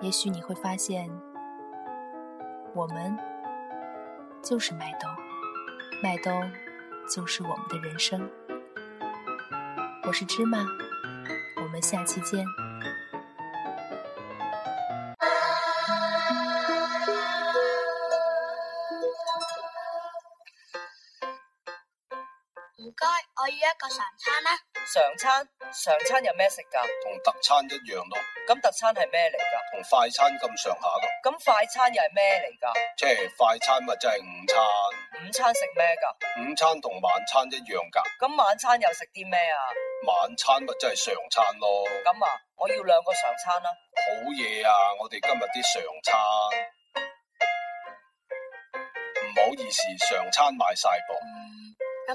也許你會發現，我們就是麥兜，麥兜就是我們的人生。我是芝麻，我們下期見。唔該，我要一個常餐啦、啊。常餐？常餐有咩食噶？同特餐一樣囉。咁特餐係咩嚟？快餐咁上下咯，咁快餐又係咩嚟噶？即係快餐咪即係午餐。午餐食咩噶？午餐同晚餐一樣噶，咁晚餐又食啲咩啊？晚餐咪即係常餐咯，咁啊，我要兩個常餐啦。好嘢啊，我哋今日啲常餐。唔好意思，常餐賣晒噃，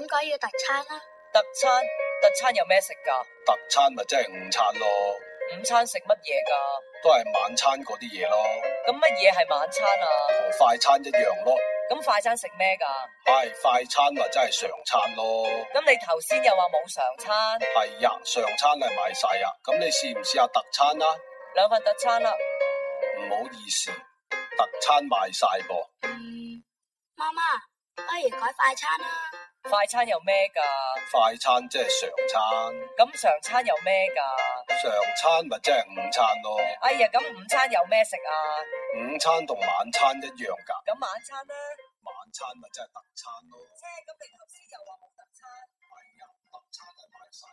咁梗、嗯、要特餐啦，特餐，特餐有咩食噶？特餐咪即係午餐咯。午餐食乜嘢噶？都係晚餐嗰啲嘢咯。咁乜嘢係晚餐啊？同快餐一樣咯。咁快餐食咩噶？係快餐或者係常餐咯。咁你頭先又話冇常餐？係啊，常餐係賣晒啊。咁你試唔試下特餐啊？兩份特餐啊。唔好意思，特餐賣晒噃。嗯，媽媽，不如改快餐啊。快餐有咩噶？快餐即係常餐。咁常餐有咩噶？常餐咪即係午餐咯。哎呀，咁午餐有咩食啊？午餐同晚餐一樣噶。咁晚餐咧？晚餐咪即係特餐咯。即係咁，你頭先又話。